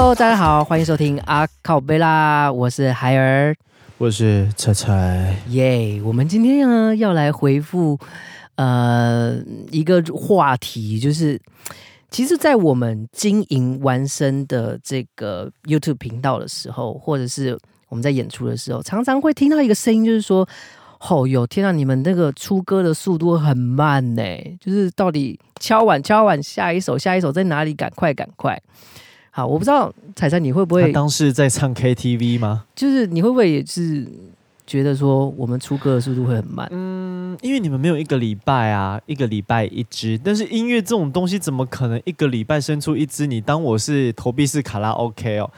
Hello，大家好，歡迎收聽阿靠貝拉，我是海爾，我是彩彩，耶、yeah！我們今天呢要來回復呃一個話題，就是其實，在我們經營玩聲的這個 YouTube 頻道的時候，或者是我們在演出的時候，常常會聽到一個聲音，就是說：“吼、哦、喲，天啊，你們那個出歌的速度很慢呢、欸，就是到底敲碗敲碗下一首下一首在哪裡？趕快趕快！”好，我不知道彩彩你會不會？他當時在唱 KTV 嗎？就是你會不會也是覺得說我們出歌的速度會很慢？嗯，因為你們沒有一個禮拜啊，一個禮拜一支。但是音樂這種東西，怎麼可能一個禮拜生出一支？你當我是投幣式卡拉 OK 哦？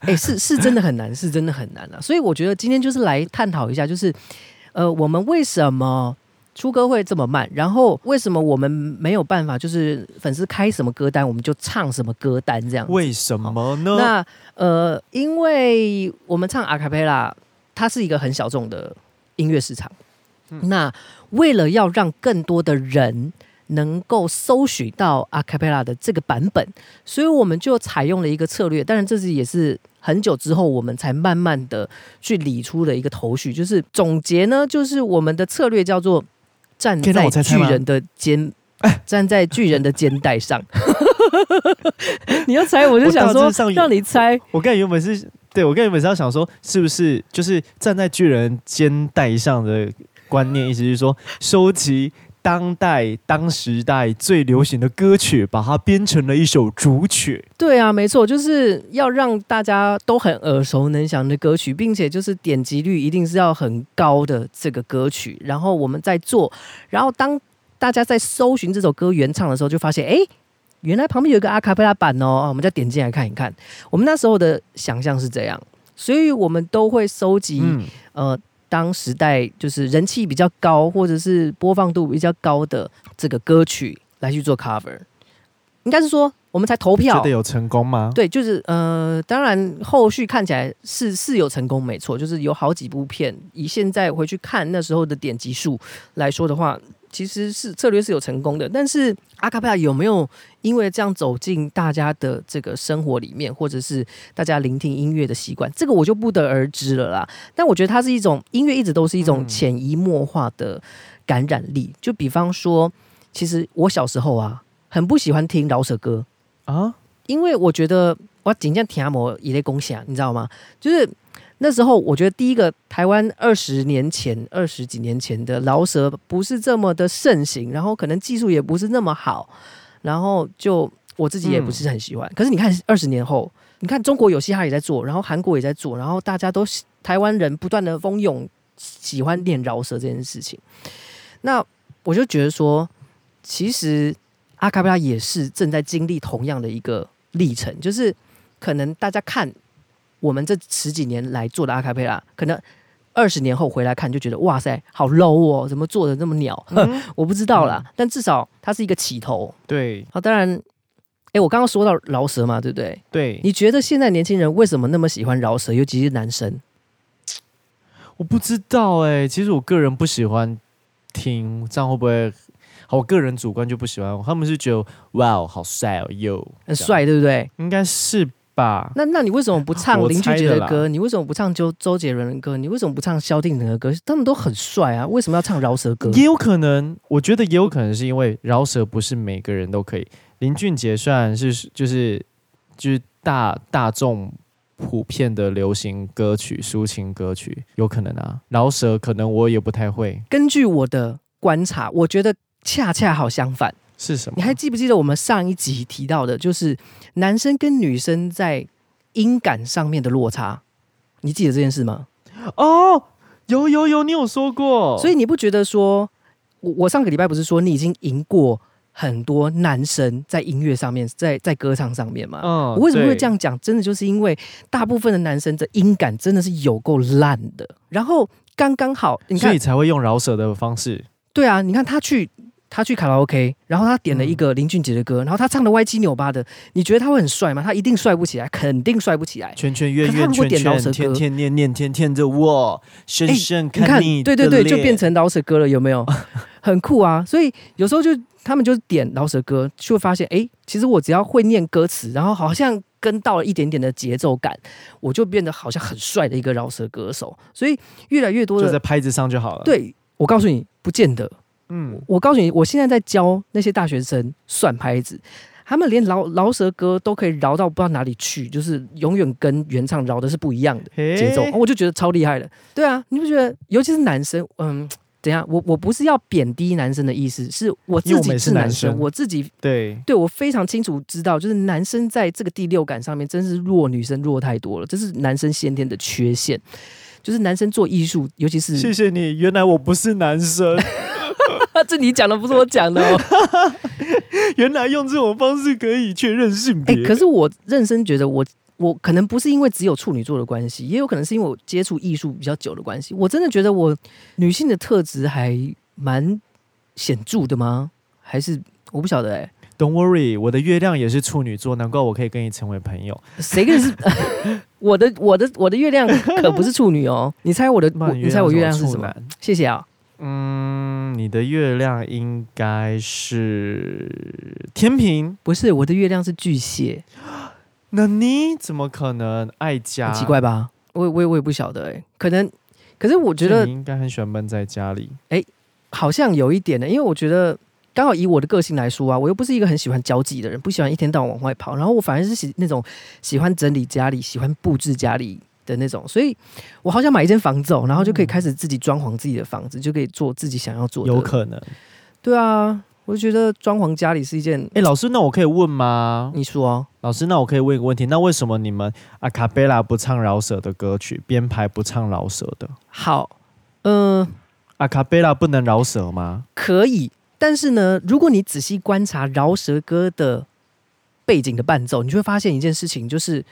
哎 欸，是是真的很難，是真的很難啊。所以我覺得今天就是來探討一下，就是呃，我們為什麼？出歌會這麼慢，然後為什麼我們沒有辦法，就是粉絲開什麼歌單，我們就唱什麼歌單這樣？為什麼呢？哦、那呃，因為我們唱阿卡貝拉，它是一個很小眾的音樂市場，嗯。那為了要讓更多的人能夠搜尋到阿卡貝拉的這個版本，所以我們就採用了一個策略。當然，這次也是很久之後我們才慢慢的去理出了一個頭緒，就是總結呢，就是我們的策略叫做。站在巨人的肩，猜猜肩，站在巨人的肩帶上。 你要猜，我就想說讓你猜我我。我跟你原本是，對我跟你原本是要想說，是不是就是站在巨人肩帶上的觀念，意思就是說收集。當代當時代最流行的歌曲，把它編成了一首主曲。對啊，沒錯，就是要讓大家都很耳熟能詳的歌曲，並且就是點擊率一定是要很高的這個歌曲。然後我們在做，然後當大家在搜尋這首歌原唱的時候，就發現，哎，原來旁邊有一個阿卡貝拉版哦。我們再點進來看一看。我們那時候的想象是這樣，所以我們都會收集、嗯、呃。當時代就是人氣比較高，或者是播放度比較高的這個歌曲來去做 cover，應該是說我們才投票，覺得有成功嗎？對，就是呃，當然後續看起來是是有成功，沒錯，就是有好幾部片，以現在回去看那時候的點擊數來說的話。其實是策略是有成功的，但是阿卡貝拉有沒有因為這樣走進大家的這個生活裡面，或者是大家聆聽音樂的習慣，這個我就不得而知了啦。但我覺得它是一種音樂，一直都是一種潛移默化的感染力，嗯。就比方說，其實我小時候啊，很不喜歡聽饒舌歌啊，因為我覺得。我就像體阿膜一類共享，你知道嗎？就是那時候，我覺得第一個台灣二十年前，二十幾年前的饒舌不是這麼的盛行，然後可能技術也不是那麼好，然後就我自己也不是很喜歡，嗯。可是你看二十年後，你看中國有嘻哈也在做，然後韓國也在做，然後大家都台灣人不斷的蜂擁喜歡練饒舌這件事情。那我就覺得說，其實阿卡貝拉也是正在經歷同樣的一個歷程，就是。可能大家看我們這十幾年來做的阿卡佩拉，可能二十年後回來看就覺得哇塞，好 low 哦，怎麼做的那麼鳥？嗯？我不知道啦。嗯、但至少它是一個起頭。對。好，啊，當然，哎，我剛剛說到饒舌嘛，對不對？對。你覺得現在年輕人為什麼那麼喜歡饒舌？尤其是男生？我不知道哎，欸，其實我個人不喜歡聽，這樣會不會？好，我個人主觀就不喜歡。他們是覺得哇哦，好帥哦，又很帥，對不對？應該是。那那你為什麼不唱林俊傑的歌？你為什麼不唱周周杰倫的歌？你為什麼不唱蕭敬騰的歌？他們都很帥啊，為什麼要唱饒舌歌？也有可能，我覺得也有可能是因為饒舌不是每個人都可以。林俊傑算是就是就是大大眾普遍的流行歌曲、抒情歌曲，有可能啊。饒舌可能我也不太會。根據我的觀察，我覺得恰恰好相反。是什麼？你還記不記得我們上一集提到的，就是男生跟女生在音感上面的落差？你記得這件事嗎？哦，有有有，你有說過。所以你不覺得說，我我上個禮拜不是說你已經贏過很多男生在音樂上面，在在歌唱上面嗎？嗯，我為什麼會這樣講？真的就是因為大部分的男生的音感真的是有夠爛的，然後剛剛好，你看，所以才會用饒舌的方式。對啊，你看他去。他去卡拉 OK，然後他點了一個林俊傑的歌，嗯、然後他唱的歪七扭八的，你覺得他會很帥嗎？他一定帥不起來，肯定帥不起來。可他如果點饒舌歌，天天念念天天的我，深深看你，欸你看，對對對，就變成饒舌歌了，有沒有？很酷啊！所以有時候就他們就點饒舌歌，就會發現，哎、欸，其實我只要會念歌詞，然後好像跟到了一點點的節奏感，我就變得好像很帥的一個饒舌歌手。所以越來越多的就在拍子上就好了。對，我告訴你，不見得。嗯，我告訴你，我現在在教那些大學生算拍子，他們連饒饒舌歌都可以饒到不知道哪裡去，就是永遠跟原唱饒的是不一樣的節奏。哦，我就覺得超厲害的。對啊，你不覺得？尤其是男生，嗯，怎樣？我我不是要貶低男生的意思，是我自己是男生，我自己對對我非常清楚知道，就是男生在這個第六感上面真是弱，女生弱太多了，這是男生先天的缺陷。就是男生做藝術，尤其是謝謝你，原來我不是男生。 啊，這你講的不是我講的哦、喔， 原來用這種方式可以確認性別、欸。可是我認真覺得我我可能不是因為只有處女座的關係，也有可能是因為我接觸藝術比較久的關係。我真的覺得我女性的特質還蠻顯著的嗎？還是我不曉得哎、欸。Don't worry，我的月亮也是處女座，難怪我可以跟你成為朋友。誰跟你是？我的我的我的月亮可不是處女哦、喔，你猜我的我你猜我月亮是什麼？ 謝謝啊、喔。嗯，你的月亮應該是天秤，不是，我的月亮是巨蟹。那你怎麼可能愛家？很奇怪吧？我我我也不曉得哎、欸，可能。可是我覺得你應該很喜歡悶在家裡。哎、欸，好像有一點的、欸，因為我覺得剛好以我的個性來說啊，我又不是一個很喜歡交際的人，不喜歡一天到晚往外跑，然後我反而是喜那種喜歡整理家裡，喜歡布置家裡。的那種，所以我好想買一間房子、哦，然後就可以開始自己裝潢自己的房子、嗯，就可以做自己想要做的。有可能，對啊，我就覺得裝潢家裡是一件……哎，老師，那我可以問嗎？你說、哦，老師，那我可以問一個問題，那為什麼你們阿卡貝拉不唱饒舌的歌曲，編排不唱饒舌的？好，嗯、呃，阿卡貝拉不能饒舌嗎？可以，但是呢，如果你仔細觀察饒舌歌的背景的伴奏，你就會發現一件事情，就是。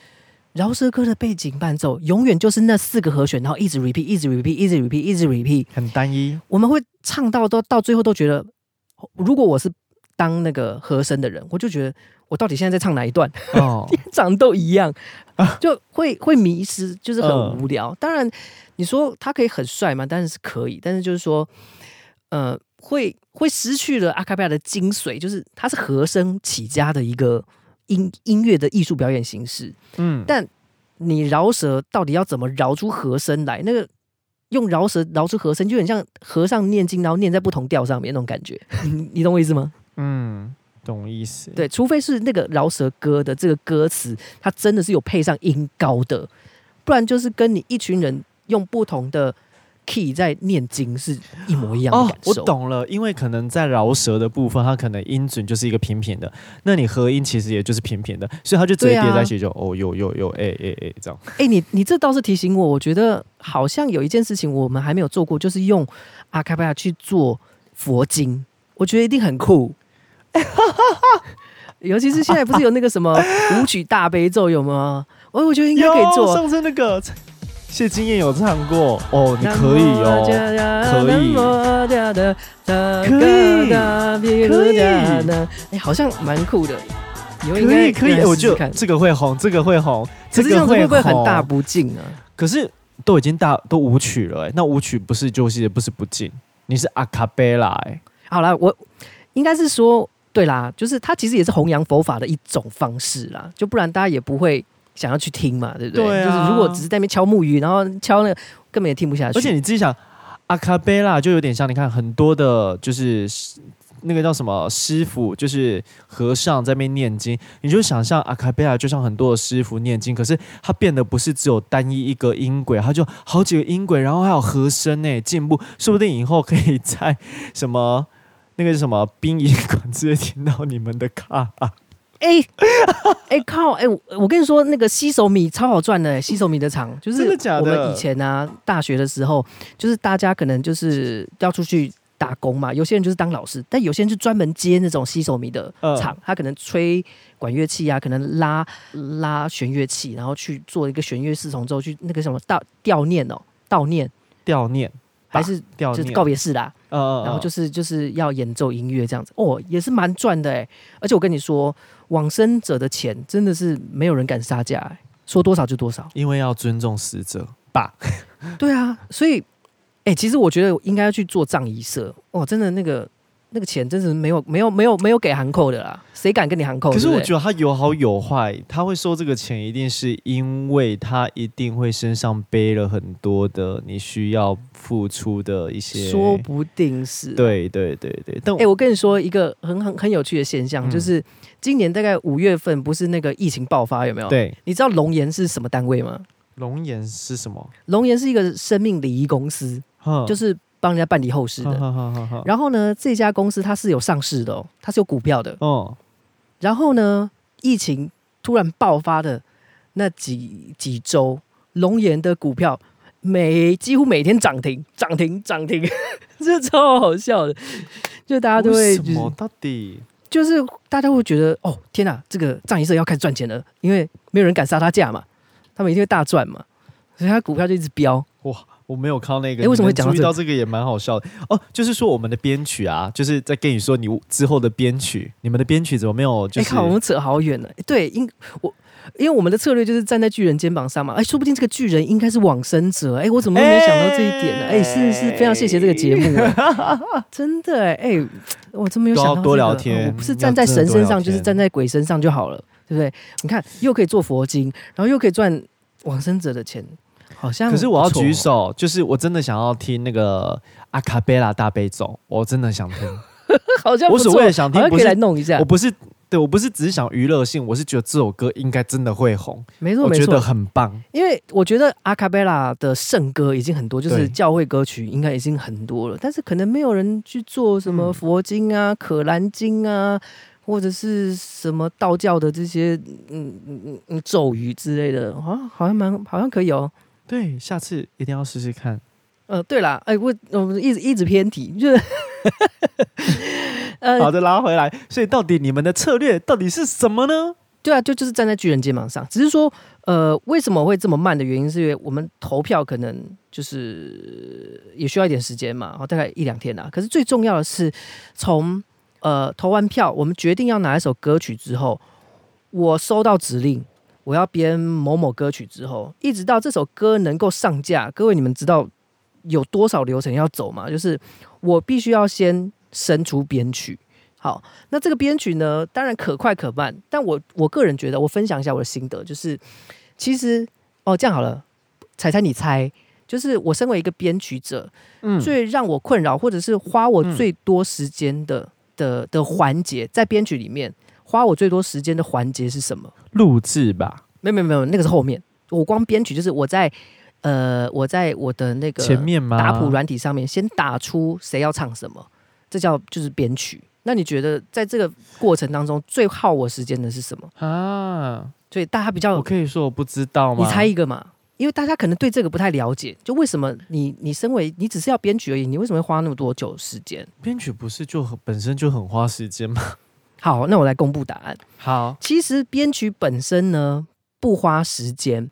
饒舌歌的背景伴奏永遠就是那四個和弦，然後一直 repeat，一直 repeat，一直 repeat，一直 repeat，一直 repeat 很單一。我們會唱到都到，到最後都覺得，如果我是當那個和聲的人，我就覺得我到底現在在唱哪一段？天、oh, 長 都一樣，就會、uh, 會迷失，就是很無聊。Uh, 當然，你說他可以很帥嘛？但是是可以，但是就是說，呃，會會失去了阿卡貝拉的精髓，就是他是和聲起家的一個。音音樂的藝術表演形式，嗯，但你饒舌到底要怎麼饒出和聲來？那個用饒舌饒出和聲，就很像和尚念經，然後念在不同調上面那種感覺，呵呵，你懂我意思嗎？嗯，懂意思。對，除非是那個饒舌歌的這個歌詞，它真的是有配上音高的，不然就是跟你一群人用不同的 Key 在念經是一模一樣的感受。哦、我懂了，因為可能在饒舌的部分，它可能音準就是一個平平的，那你和音其實也就是平平的，所以他就直接疊在一起就，就、啊、哦，有有有，哎哎哎，這樣。哎、欸，你你這倒是提醒我，我覺得好像有一件事情我們還沒有做過，就是用阿卡貝拉去做佛經，我覺得一定很酷、欸哈哈哈哈。尤其是現在不是有那個什麼舞曲大悲咒有嗎？我我覺得應該可以做，上次那個。謝金燕有唱過哦，你可以哦，可以，可以，可以，可、欸、好像蠻酷的，可以，可以，欸、可以可以可試試我就這個會紅，這個會紅，這個會紅可是這樣子會不會很大不敬啊？可是都已經大都舞曲了、欸，哎，那舞曲不是就是不是不敬，你是阿卡貝拉、欸。好啦，我應該是說對啦，就是它其實也是弘揚佛法的一種方式啦，就不然大家也不會。想要去聽嘛，對不對？對啊，就是如果只是在那邊敲木魚，然後敲那個根本也聽不下去。而且你自己想，阿卡貝拉就有點像，你看很多的，就是那個叫什麼師傅，就是和尚在那邊念經。你就想象阿卡貝拉就像很多的師傅念經，可是他變得不是只有單一一個音軌，他就好幾個音軌，然後還有和聲呢，進步，說不定以後可以在什麼那個是什麼殯儀館直接聽到你們的卡。啊哎、欸，哎、 欸、靠，哎、欸、我，我跟你說，那個吸手米超好賺的、欸，吸手米的場就是我們以前啊，大學的時候，就是大家可能就是要出去打工嘛，有些人就是當老師，但有些人就專門接那種吸手米的場、呃，他可能吹管樂器啊，可能拉拉弦樂器，然後去做一個弦樂四重奏，去那個什麼悼悼念哦，悼念，悼念，還是念就是告別式啦。然後就是就是要演奏音樂這樣子，哦，也是蠻賺的哎、欸，而且我跟你說。往生者的錢真的是沒有人敢殺價、欸，說多少就多少，因為要尊重死者吧。爸 對啊，所以，哎、欸，其實我覺得應該要去做葬儀社哦，真的那個。那個錢真是沒有沒有沒有沒有給回扣的啦，誰敢跟你回扣，對對？可是我覺得他有好有壞，他會收這個錢，一定是因為他一定會身上背了很多的你需要付出的一些。說不定是。對對對對，但哎、欸、我跟你說一個很很很有趣的現象，就是今年大概五月份不是那個疫情爆發有沒有？對，你知道龍岩是什麼單位嗎？龍岩是什麼？龍岩是一個生命禮儀公司，就是。幫人家辦理後事的好好好好，然後呢，這家公司它是有上市的、哦，它是有股票的。哦，然後呢，疫情突然爆發的那幾幾周，龍岩的股票每幾乎每天漲停，漲停，漲停， 這超好笑的。就大家都會、就是什麼，到底就是大家會覺得哦，天哪，這個葬儀社要開始賺錢了，因為沒有人敢殺他價嘛，他們一定會大賺嘛，所以它股票就一直飆，哇！我沒有靠那個。哎、欸，為什麼會講到、這個、注意到這個也蠻好笑的哦。就是說，我們的編曲啊，就是在跟你說你之後的編曲，你們的編曲怎麼沒有、就是？就、欸、哎，看我們扯好遠了、欸。對，因我因為我們的策略就是站在巨人肩膀上嘛。哎、欸，說不定這個巨人應該是往生者。哎、欸，我怎麼都沒有想到這一點呢、啊？哎、欸欸欸，是是，是非常謝謝這個節目、啊，欸、 真的哎、欸。哎、欸，我真沒有想到、這個、多聊天。嗯、我不是站在神身上，就是站在鬼身上就好了，對不對？你看，又可以做佛經，然後又可以賺往生者的錢。好像可是我要舉手、哦，就是我真的想要聽那個阿卡貝拉大悲咒，我真的想聽。 好像無所謂，我是我也想聽是可以來弄一下。我不是對，我不是只是想娛樂性，我是覺得這首歌應該真的會紅。沒錯，我覺得很棒，因為我覺得阿卡貝拉的聖歌已經很多，就是教會歌曲應該已經很多了，但是可能沒有人去做什麼佛經啊、嗯、可蘭經啊，或者是什麼道教的這些嗯嗯嗯咒語之類的好像蠻好，好像可以哦、喔。對，下次一定要試試看。呃，對啦，哎、欸，我我們一直一直偏題，就是，好的，拉回來，呃。所以到底你們的策略到底是什麼呢？對啊，就就是站在巨人肩膀上，只是說，呃，為什麼會這麼慢的原因是因為我們投票可能就是也需要一點時間嘛，然後，哦，大概一兩天啊。可是最重要的是從，從呃投完票，我們決定要拿一首歌曲之後，我收到指令。我要編某某歌曲之後，一直到這首歌能夠上架，各位你們知道有多少流程要走嗎？就是我必須要先伸出編曲。好，那這個編曲呢，當然可快可慢，但我我個人覺得，我分享一下我的心得，就是其實哦，這樣好了，猜猜你猜，就是我身為一個編曲者，嗯，最讓我困擾或者是花我最多時間的的的環節，在編曲裡面。花我最多時間的環節是什麼？錄製吧，沒有沒有沒有，那個是後面。我光編曲就是我在呃，我在我的那個前面嘛，打譜軟體上面先打出誰要唱什麼，這叫就是編曲。那你覺得在這個過程當中最耗我時間的是什麼啊？所以大家比較，我可以說我不知道嗎？你猜一個嘛，因為大家可能對這個不太了解，就為什麼你你身為你只是要編曲而已，你為什麼會花那麼多久時間？編曲不是就很本身就很花時間嗎？好，那我來公布答案。好，其實編曲本身呢不花時間，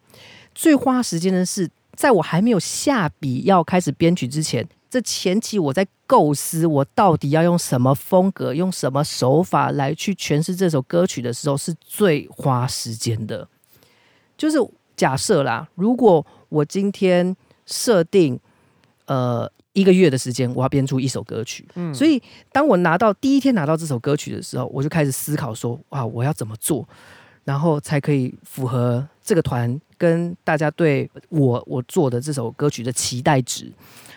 最花時間的是在我還沒有下筆要開始編曲之前，這前期我在構思我到底要用什麼風格、用什麼手法來去詮釋這首歌曲的時候是最花時間的。就是假設啦，如果我今天設定呃。一個月的時間，我要編出一首歌曲。嗯，所以當我拿到第一天拿到這首歌曲的時候，我就開始思考說，哇，我要怎麼做，然後才可以符合這個團跟大家對我我做的這首歌曲的期待值？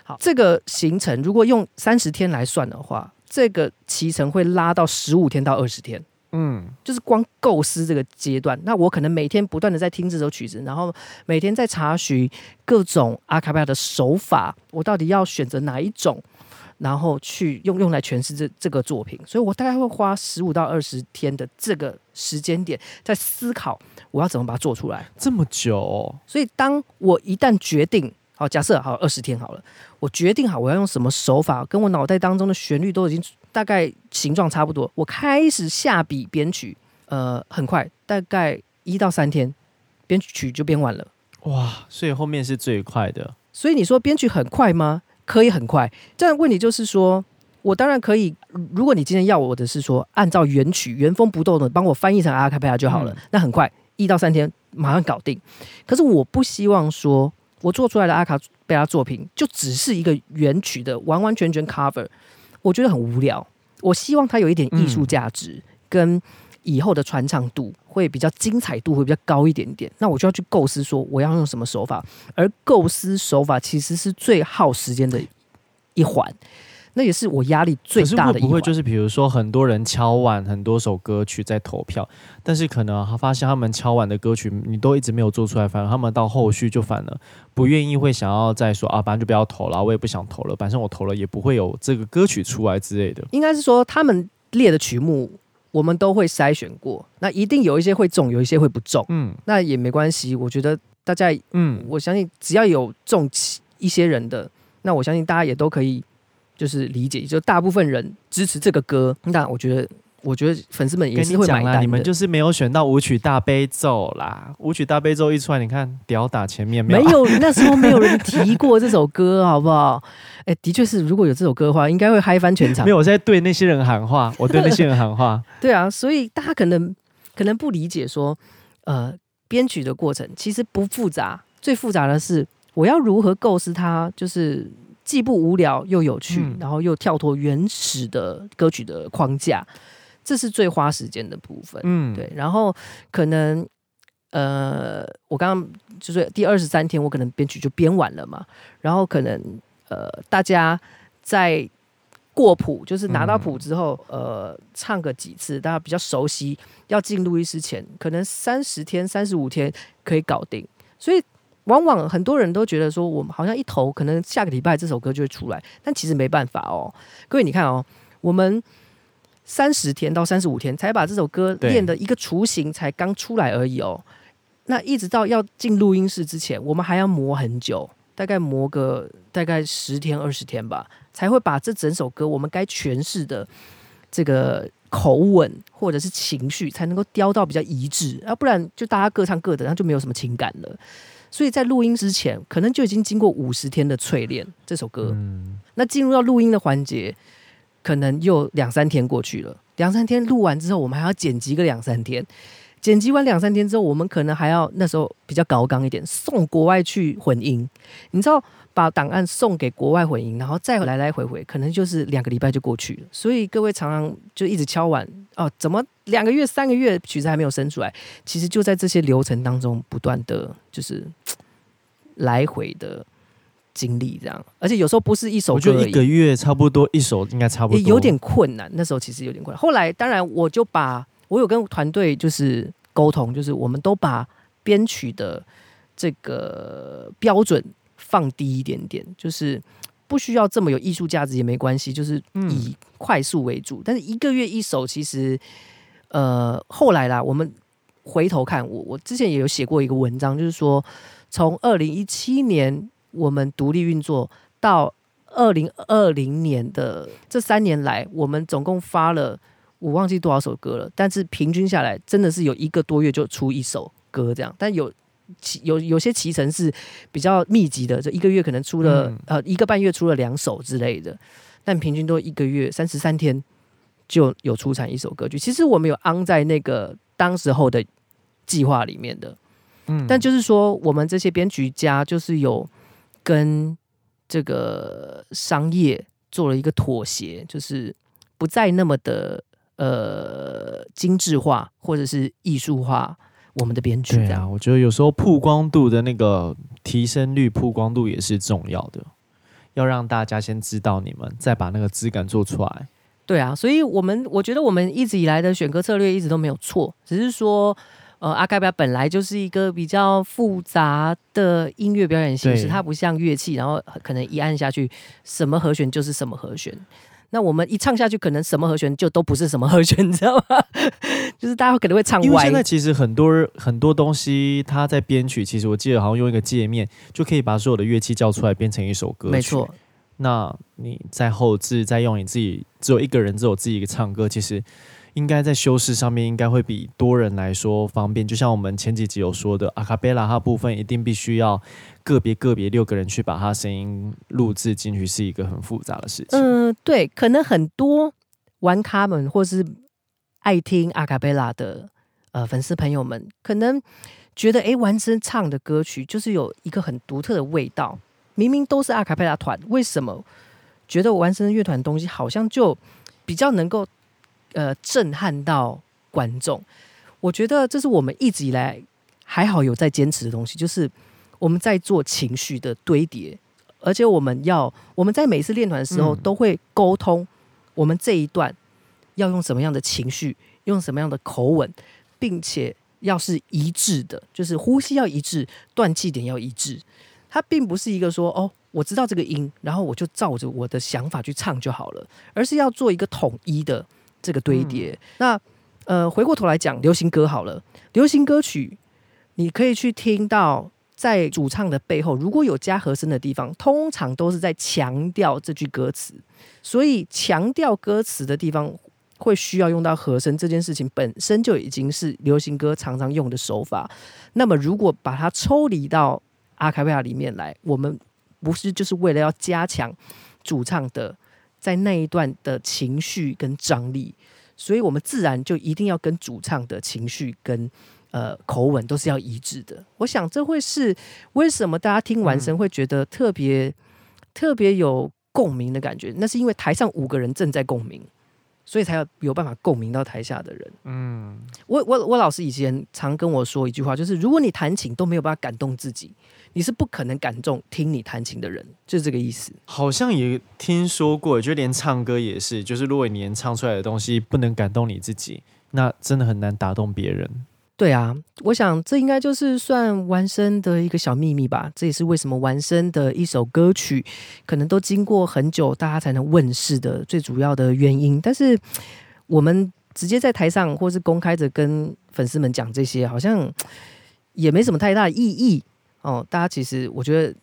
好，這個行程如果用三十天來算的話，這個期程會拉到十五天到二十天。嗯，就是光構思這個階段，那我可能每天不斷的在聽這首曲子，然後每天在查詢各種阿卡貝拉的手法，我到底要選擇哪一種，然後去用用來詮釋這這個作品。所以，我大概會花十五到二十天的這個時間點，在思考我要怎麼把它做出來。這麼久、哦，所以當我一旦決定，好，假設好二十天好了，我決定好我要用什麼手法，跟我腦袋當中的旋律都已經。大概形狀差不多，我開始下筆編曲，呃，很快，大概一到三天，編曲就編完了。哇，所以後面是最快的。所以你說編曲很快嗎？可以很快。這樣問題就是說，我當然可以，如果你今天要我的是說，按照原曲原封不動的幫我翻譯成阿卡貝拉就好了，嗯、那很快，一到三天馬上搞定。可是我不希望說我做出來的阿卡貝拉作品就只是一個原曲的完完全全 cover。我覺得很無聊，我希望它有一點藝術價值，嗯，跟以後的傳唱度會比較，精彩度會比較高一點點，那我就要去構思說我要用什麼手法，而構思手法其實是最耗時間的一環。這也是我壓力最大的。不會就是比如說，很多人敲碗很多首歌曲在投票，但是可能他發現他們敲碗的歌曲，你都一直沒有做出來，反而他們到後續就反了，不願意會想要再說啊，反正就不要投了，我也不想投了，反正我投了也不會有這個歌曲出來之類的。應該是說他們列的曲目，我們都會篩選過，那一定有一些會中，有一些會不中，嗯，那也沒關係。我覺得大家，嗯，我相信只要有中一些人的，那我相信大家也都可以。就是理解，就大部分人支持這個歌，那我覺得，我覺得粉絲們也是會買單的跟你講啦。你們就是沒有選到舞曲大悲咒啦《舞曲大悲咒》啦，《舞曲大悲咒》一出來，你看屌打前面沒有，啊、沒有？那時候沒有人提過這首歌， 好不好？誒、欸，的確是，如果有這首歌的話，應該會嗨翻全場。沒有，我在對那些人喊話，我對那些人喊話。 對啊，所以大家可能可能不理解說，呃，編曲的過程其實不複雜，最複雜的是我要如何構思它，就是。既不無聊又有趣，嗯，然後又跳脫原始的歌曲的框架，這是最花時間的部分。嗯，對。然後可能呃，我剛剛就是第二十三天，我可能編曲就編完了嘛。然後可能呃，大家在過譜，就是拿到譜之後，嗯，呃，唱個幾次，大家比較熟悉。要進錄音室前，可能三十天、三十五天可以搞定。所以。往往很多人都覺得說，我們好像一投，可能下個禮拜這首歌就會出來。但其實沒辦法哦，各位你看哦，我們三十天到三十五天才把這首歌練的一個雛形才剛出來而已哦。那一直到要進錄音室之前，我們還要磨很久，大概磨個大概十天二十天吧，才會把這整首歌我們該詮釋的這個口吻或者是情緒，才能夠雕到比較一致。要、啊、不然就大家各唱各的，然後就沒有什麼情感了。所以在錄音之前，可能就已經經過五十天的淬煉這首歌。嗯、那進入到錄音的環節，可能又兩三天過去了。兩三天錄完之後，我們還要剪輯個兩三天。剪輯完兩三天之後，我們可能還要那時候比較高剛一點，送國外去混音。你知道？把檔案送給國外混音，然後再來來回回，可能就是兩個禮拜就過去了。所以各位常常就一直敲完哦，怎麼兩個月、三個月曲子還沒有生出來？其實就在這些流程當中，不斷的就是來回的經歷這樣。而且有時候不是一首歌，就一個月差不多、嗯、一首，應該差不多，有點困難。那時候其實有點困難。後來當然我就把，我有跟團隊就是溝通，就是我們都把編曲的這個標準。放低一點點，就是不需要這麼有藝術價值也沒關係，就是以快速為主。嗯、但是一個月一首，其實呃，後來啦，我們回頭看，我我之前也有寫過一個文章，就是說從二零一七年我們獨立運作到二零二零年的這三年來，我們總共發了我忘記多少首歌了，但是平均下來真的是有一個多月就出一首歌這樣，但有。有有些期程是比較密集的，這一個月可能出了、嗯、呃一個半月出了兩首之類的，但平均都一個月三十三天就有出產一首歌曲。其實我們有安在那個當時候的計劃裡面的、嗯，但就是說我們這些編曲家就是有跟這個商業做了一個妥協，就是不再那麼的呃精緻化或者是藝術化。我們的編劇。對啊，我覺得有時候曝光度的那個提升率，曝光度也是重要的，要讓大家先知道你們，再把那個質感做出來。對啊，所以我們我覺得我們一直以來的選歌策略一直都沒有錯，只是說，呃，阿卡貝拉本來就是一個比較複雜的音樂表演形式，它不像樂器，然後可能一按下去什麼和弦就是什麼和弦。那我們一唱下去，可能什麼和弦就都不是什麼和弦，你知道嗎？ 就是大家可能會唱歪。因為現在其實很多很多東西，它在編曲，其實我記得好像用一個界面就可以把所有的樂器叫出來，嗯、編成一首歌沒錯。那你在後置，在用你自己，只有一個人只有自己一個唱歌，其實。應該在修飾上面應該會比多人來說方便，就像我們前幾集有說的，阿卡貝拉他部分一定必須要個別個別六個人去把他聲音錄製進去，是一個很複雜的事情。嗯，對，可能很多玩咖們，或是愛聽阿卡貝拉的呃粉絲朋友們，可能覺得哎，玩聲唱的歌曲就是有一個很獨特的味道，明明都是阿卡貝拉團，為什麼覺得玩聲樂團的東西好像就比較能夠。呃，震撼到觀眾。我覺得這是我們一直以來還好有在堅持的東西，就是我們在做情緒的堆疊，而且我們要我們在每一次練團的時候都會溝通，我們這一段要用什麼樣的情緒，用什麼樣的口吻，並且要是一致的，就是呼吸要一致，斷氣點要一致。它並不是一個說哦，我知道這個音，然後我就照着我的想法去唱就好了，而是要做一個統一的。這個堆疊，嗯、那呃，回過頭來講流行歌好了，流行歌曲你可以去聽到，在主唱的背後如果有加和聲的地方，通常都是在強調這句歌詞，所以強調歌詞的地方會需要用到和聲，這件事情本身就已經是流行歌常常用的手法。那麼如果把它抽離到阿卡貝拉裡面來，我們不是就是為了要加強主唱的。在那一段的情緒跟張力，所以我們自然就一定要跟主唱的情緒跟呃口吻都是要一致的。我想這會是為什麼大家聽玩聲會覺得特別、嗯、特別有共鳴的感覺，那是因為台上五個人正在共鳴。所以才要有辦法共鳴到台下的人。嗯，我我我老師以前常跟我說一句話，就是如果你彈琴都沒有辦法感動自己，你是不可能感動聽你彈琴的人，就是這個意思。好像也聽說過，就連唱歌也是，就是如果你連唱出來的東西不能感動你自己，那真的很難打動別人。對啊，我想這應該就是算玩聲的一個小祕密吧。這也是為什麼玩聲的一首歌曲可能都經過很久，大家才能問世的最主要的原因。但是我們直接在台上或是公開着跟粉絲們講這些，好像也沒什麼太大意義哦。大家其實我覺得，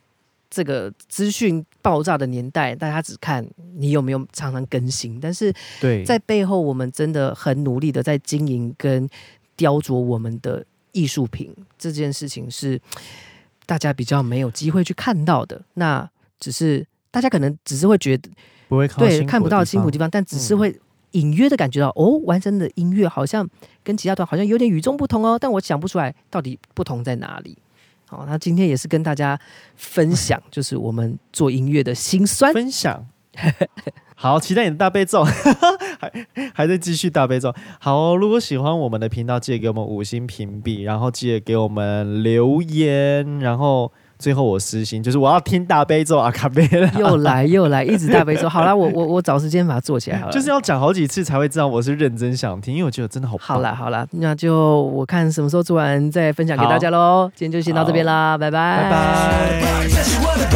這個資訊爆炸的年代，大家只看你有沒有常常更新，但是對，在背後我們真的很努力的在經營跟。雕琢我們的藝術品這件事情，是大家比較沒有機會去看到的。那只是大家可能只是會覺得不會看到的對，看不到辛苦地方，但只是會隱約的感覺到、嗯、哦，玩聲的音樂好像跟其他團好像有點與眾不同哦。但我想不出來到底不同在哪裡。好，那今天也是跟大家分享，就是我們做音樂的心酸。 分享，好，期待你的大悲咒。 還還在繼續大悲咒，好哦，如果喜歡我們的頻道，記得給我們五星評比，然後記得給我們留言，然後最後我私心就是我要聽大悲咒阿卡貝拉又來又來，一直大悲咒， 好了，我我我找時間把它做起來，好了，就是要講好幾次才會知道我是認真想聽，因為我覺得真的好。好了好了，那就我看什麼時候做完再分享給大家嘍，今天就先到這邊啦，拜拜拜拜。Bye bye 這是我的